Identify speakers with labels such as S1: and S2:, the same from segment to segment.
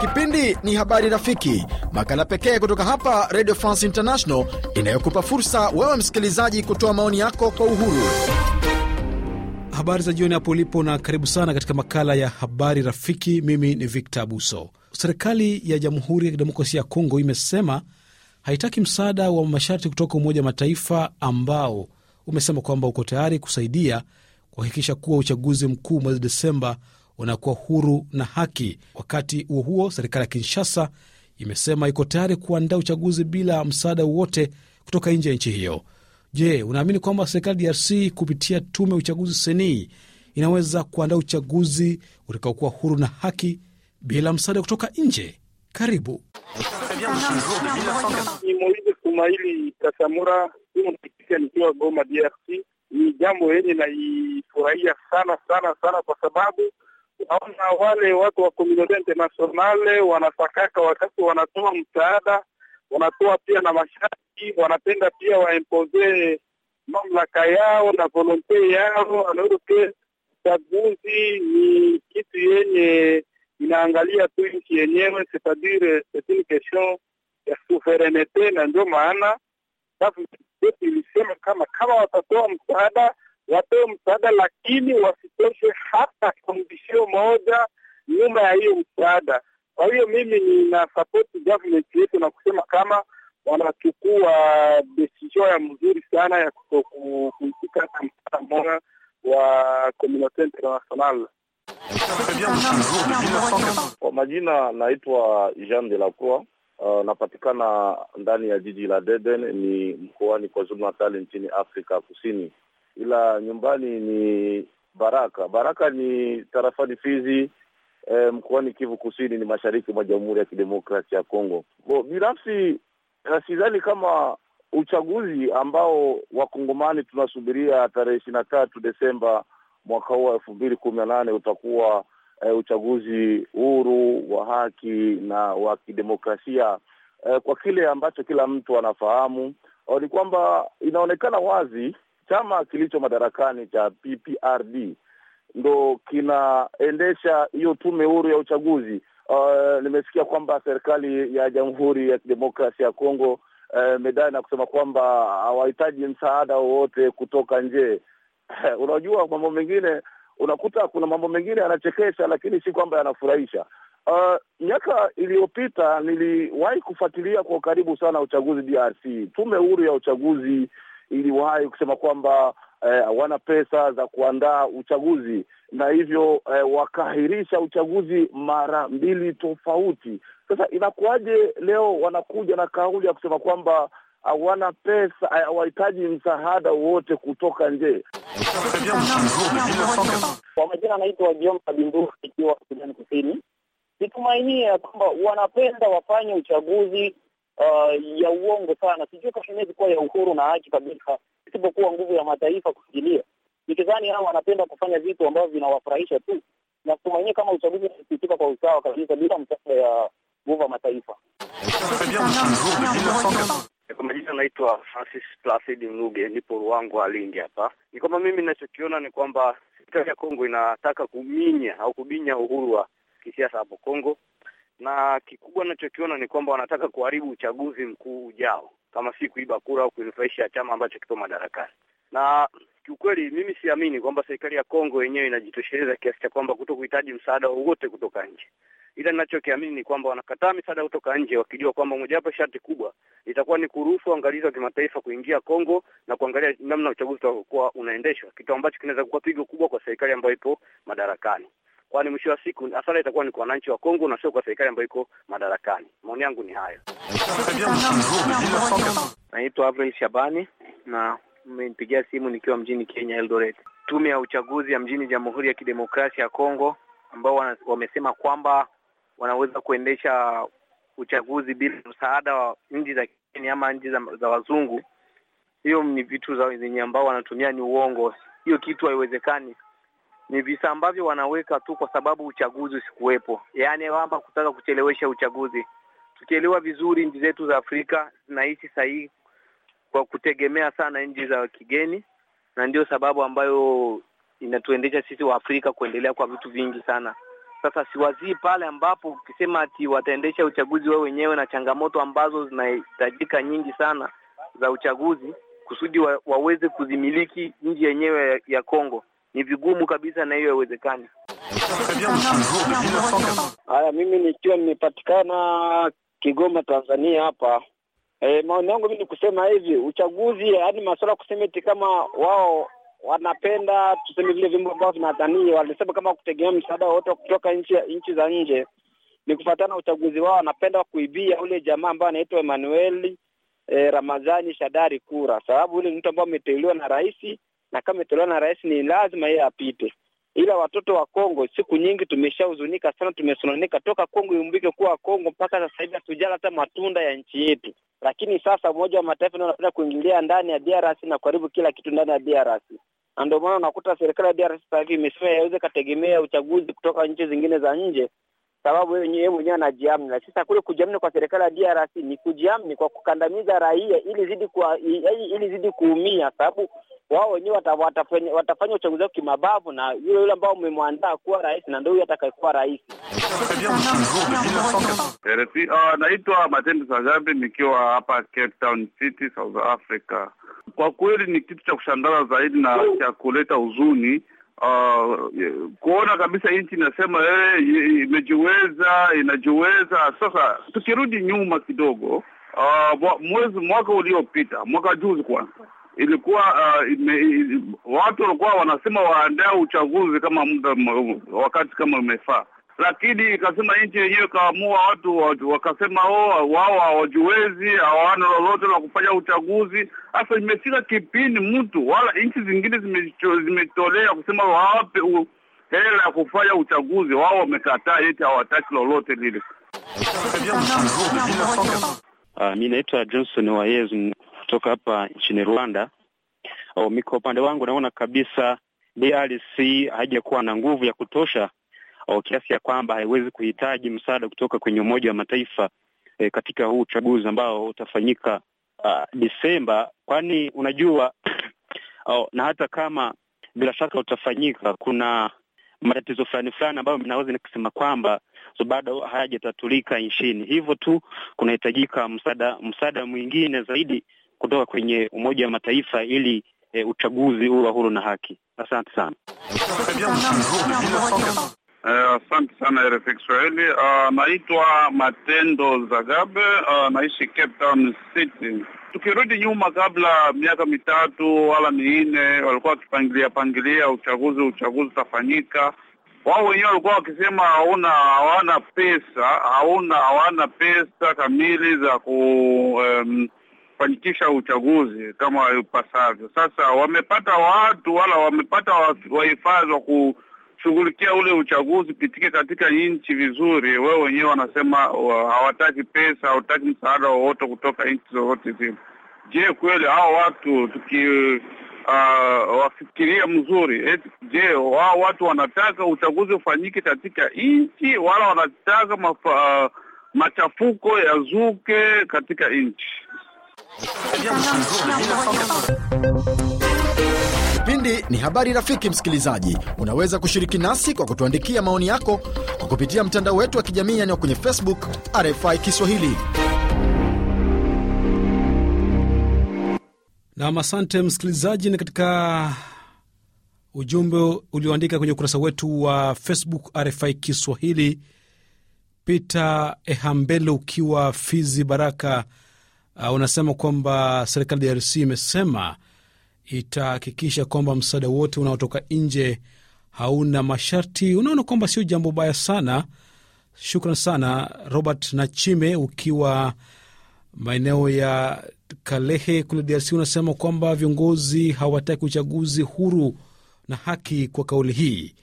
S1: Kipindi ni Habari Rafiki, makala pekee kutoka hapa Radio France International inayokupa fursa wewe msikilizaji kutoa maoni yako kwa uhuru. Habari za jioni hapo ulipo, na karibu sana katika makala ya Habari Rafiki. Mimi ni Victor Abuso. Serikali ya Jamhuri ya Kidemokrasia ya Kongo imesema haitaki msaada wa masharti kutoka Umoja wa Mataifa ambao umesema kwamba uko tayari kusaidia kuhakikisha kuwa uchaguzi mkuu mwezi Desemba unakuwa huru na haki. Wakati huo huo, serikali ya Kinshasa imesema iko tayari kuandaa uchaguzi bila msaada wowote kutoka nje ya nchi hiyo. Je, unaamini kwamba serikali DRC kupitia tume ya uchaguzi senii inaweza kuandaa uchaguzi utakaokuwa huru na haki bila msaada kutoka nje? Karibu.
S2: Ni Moize Sumaili Kasamura, nikiwa Goma, DRC ni jambo yenye naifurahia sana sana sana, kwa sababu naona wale watu wa komunote internationale wanasakaka wakati wanatoa msaada, wanatoa pia na masharti, wanapenda pia waimpoze mamlaka yao na volonte yao. Anaoke uchaguzi ni kitu yenye inaangalia tu nchi yenyewe, c'est-à-dire c'est une question ya souveraineté, na ndio maana gazeti ilisema kama kama watatoa msaada watoe msaada, lakini wasitoshe hata kondisio moja nyuma ya hiyo msaada. Kwa hiyo mimi nina support government yetu na kusema kama wanachukua decision ya mzuri
S3: sana ya kuitika hata msaada mmoja wa community international. Kwa majina naitwa Jean de la Croix uh, napatikana ndani ya jiji la Deden ni mkoani kwa zuma Natal nchini Afrika Kusini, ila nyumbani ni Baraka. Baraka ni tarafani Fizi eh, mkoani Kivu Kusini, ni mashariki mwa Jamhuri ya Kidemokrasia ya Kongo. Binafsi eh, sidhani kama uchaguzi ambao wakongomani tunasubiria tarehe ishirini na tatu Desemba mwaka huu wa elfu mbili kumi na nane utakuwa e, uchaguzi huru wa haki na wa kidemokrasia e, kwa kile ambacho kila mtu anafahamu ni kwamba inaonekana wazi chama kilicho madarakani cha PPRD ndo kinaendesha hiyo tume huru ya uchaguzi. Uh, nimesikia kwamba serikali ya Jamhuri ya Kidemokrasia ya Kongo uh, uh, na kusema kwamba hawahitaji msaada wowote kutoka nje. Unajua mambo mengine unakuta kuna mambo mengine yanachekesha, lakini si kwamba yanafurahisha. Uh, miaka iliyopita niliwahi kufuatilia kwa ukaribu sana uchaguzi DRC. Tume huru ya uchaguzi iliwahi kusema kwamba eh, hawana wana pesa za kuandaa uchaguzi na hivyo eh, wakaahirisha uchaguzi mara mbili tofauti. Sasa inakuwaje leo wanakuja na kauli ya kusema kwamba hawana pesa, hawahitaji
S4: msaada wote kutoka nje. Kwa majina anaitwa Jioma Bindu, ikiwa Sudani Kusini. Situmainie ya kwamba wanapenda wafanye uchaguzi uh, ya uongo sana. Sijui kama inaweza kuwa ya uhuru na haki kabisa, isipokuwa nguvu ya mataifa kuingilia. Nikidhani hao wanapenda kufanya vitu ambavyo vinawafurahisha tu, na situmainie kama uchaguzi unapitika kwa usawa kabisa bila msaada ya nguvu ya mataifa majina naitwa Francis Placid Mnuge, nipo Ruangwa Lindi hapa. Ni kwamba mimi ninachokiona ni kwamba serikali ya Kongo inataka kuminya au kubinya uhuru wa kisiasa hapo Kongo, na kikubwa ninachokiona ni kwamba wanataka kuharibu uchaguzi mkuu ujao, kama si kuiba kura au kuinufaisha chama ambacho kipo madarakani na kiukweli mimi siamini kwamba serikali ya Kongo yenyewe inajitosheleza kiasi cha kwamba kuto kuhitaji msaada wowote kutoka nje, ila ninachokiamini ni kwamba wanakataa misaada kutoka nje wakijua kwamba mojawapo sharti kubwa itakuwa ni kuruhusu waangalizi wa kimataifa kuingia Kongo na kuangalia namna uchaguzi utakuwa unaendeshwa, kitu ambacho kinaweza kuwa pigo kubwa kwa serikali ambayo ipo madarakani, kwani mwisho wa siku hasara itakuwa ni kwa wananchi wa Kongo na sio kwa serikali ambayo iko madarakani. Maoni yangu ni hayo. Naitwa Avril Shabani na mmenipigia simu nikiwa mjini Kenya, Eldoret. Tume ya uchaguzi ya mjini Jamhuri ya Kidemokrasia ya Kongo ambao wamesema kwamba wanaweza kuendesha uchaguzi bila msaada wa nchi za kigeni ama nchi za, za wazungu. Hiyo ni vitu zenye ambao wanatumia ni uongo, hiyo kitu haiwezekani. Ni visa ambavyo wanaweka tu kwa sababu uchaguzi usikuwepo, yaani kwamba kutaka kuchelewesha uchaguzi. Tukielewa vizuri nchi zetu za Afrika zinaishi sahihi kwa kutegemea sana nchi za kigeni, na ndio sababu ambayo inatuendesha sisi wa afrika kuendelea kwa vitu vingi sana. Sasa siwazii pale ambapo ukisema ati wataendesha uchaguzi wao wenyewe na changamoto ambazo zinahitajika nyingi sana za uchaguzi kusudi wa, waweze kuzimiliki nchi yenyewe ya, ya Kongo ni vigumu kabisa na hiyo haiwezekani. Haya, mimi nikiwa nimepatikana Kigoma, Tanzania hapa E, maoni yangu mimi ni kusema hivi uchaguzi, yaani masuala ya kusema eti kama wao wanapenda tuseme vile vyombo ambavyo vinadhania walisema kama kutegemea msaada wowote kutoka nchi nchi za nje ni kufuatana na uchaguzi wao, wanapenda kuibia ule jamaa ambaye anaitwa Emmanuel e, eh, Ramazani Shadari kura, sababu ule ni mtu ambaye ameteuliwa na rais, na kama ameteuliwa na rais ni lazima yeye apite ila watoto wa Kongo siku nyingi tumeshahuzunika sana, tumesononeka toka Kongo iumbike kuwa Kongo mpaka sasa hivi hatujala hata matunda ya nchi yetu. Lakini sasa Umoja wa Mataifa ndio unapenda kuingilia ndani ya DRC na kuharibu kila kitu ndani ya DRC, na ndio maana unakuta serikali ya DRC sasa hivi imesema yaweze kategemea uchaguzi kutoka nchi zingine za nje, sababu yeye mwenyewe anajiamini. Na sasa kule kujiamini kwa serikali ya DRC ni kujiamini kwa kukandamiza raia ili zidi kwa, ili zidi kuumia sababu wao wenyewe watafanya, watafanya uchaguzi wao kimabavu, na yule yule ambao umemwandaa kuwa rais na ndio huyo atakayekuwa rais.
S2: Ah, naitwa Matendo Sagabi nikiwa hapa Cape Town City, South Africa. Kwa kweli ni kitu cha kushangaza zaidi na cha kuleta huzuni Uh, kuona kabisa nchi inasema hey, eh, imejiweza inajiweza. Sasa tukirudi nyuma kidogo, uh, mwezi mwaka uliopita mwaka juzi kwanza ilikuwa uh, ime, watu walikuwa wanasema waandae uchaguzi kama muda wakati kama umefaa, lakini ikasema nchi yenyewe ikaamua watu, watu wakasema oh, wao hawajiwezi, hawana lolote la kufanya uchaguzi. Sasa imefika kipindi mtu wala nchi zingine zimetolea kusema wawape hela ya kufanya uchaguzi, wao wamekataa, eti hawataki lolote lile.
S4: Ah, mi naitwa Johnson Wayezu kutoka hapa nchini Rwanda. Mi kwa upande wangu naona kabisa DRC haijakuwa na nguvu ya kutosha o, kiasi ya kwamba haiwezi kuhitaji msaada kutoka kwenye Umoja wa Mataifa e, katika huu uchaguzi ambao utafanyika uh, kwani unajua o, na hata kama bila shaka utafanyika, kuna matatizo fulani fulani ambayo naweza nikasema kwamba so bado hayajatatulika nchini, hivyo tu kunahitajika msaada msaada mwingine zaidi kutoka kwenye Umoja wa Mataifa ili e, uchaguzi wa huru na haki. Asante sana.
S2: Eh, asante uh, sana RFI Kiswahili. Uh, naitwa Matendo Zagabe. Uh, naishi Cape Town City. Tukirudi nyuma, kabla miaka mitatu wala minne, walikuwa wakipangilia pangilia uchaguzi uchaguzi utafanyika. Wao wenyewe walikuwa wakisema hauna hawana pesa hauna hawana pesa kamili za ku um, kufanikisha uchaguzi kama ipasavyo. Sasa wamepata watu wala wamepata wahifadhi wa kushughulikia ule uchaguzi pitike katika nchi vizuri. wewe wenyewe wanasema hawataki pesa, hawataki msaada wowote kutoka nchi zozote zile. Je, kweli hao watu tuki uh, ah, wafikiria mzuri eti, je wao watu wanataka uchaguzi ufanyike katika nchi wala wanataka mafa, uh, machafuko yazuke katika nchi?
S1: Kipindi ni habari rafiki. Msikilizaji, unaweza kushiriki nasi kwa kutuandikia maoni yako kwa kupitia mtandao wetu wa kijamii, yaani kwenye Facebook RFI Kiswahili. Nam, asante msikilizaji, na katika ujumbe ulioandika kwenye ukurasa wetu wa Facebook RFI Kiswahili, Peter Ehambele ukiwa Fizi Baraka uh, unasema kwamba serikali ya DRC imesema itahakikisha kwamba msaada wote unaotoka nje hauna masharti. Unaona kwamba sio jambo baya sana. Shukran sana Robert Nachime, ukiwa maeneo ya Kalehe kule DRC. Unasema kwamba viongozi hawataki uchaguzi huru na haki kwa kauli hii.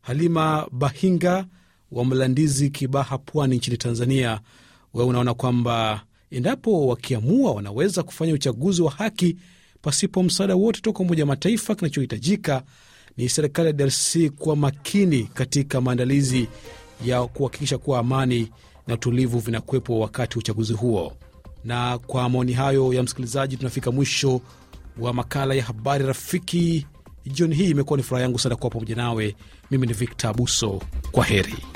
S1: Halima Bahinga wa Mlandizi, Kibaha, Pwani nchini Tanzania, wewe unaona kwamba Endapo wakiamua, wanaweza kufanya uchaguzi wa haki pasipo msaada wote toka Umoja wa Mataifa. Kinachohitajika ni serikali ya DRC kuwa makini katika maandalizi ya kuhakikisha kuwa amani na utulivu vinakuwepo wakati wa uchaguzi huo. Na kwa maoni hayo ya msikilizaji, tunafika mwisho wa makala ya habari rafiki jioni hii. Imekuwa ni furaha yangu sana kuwa pamoja nawe. Mimi ni Victor Abuso, kwa heri.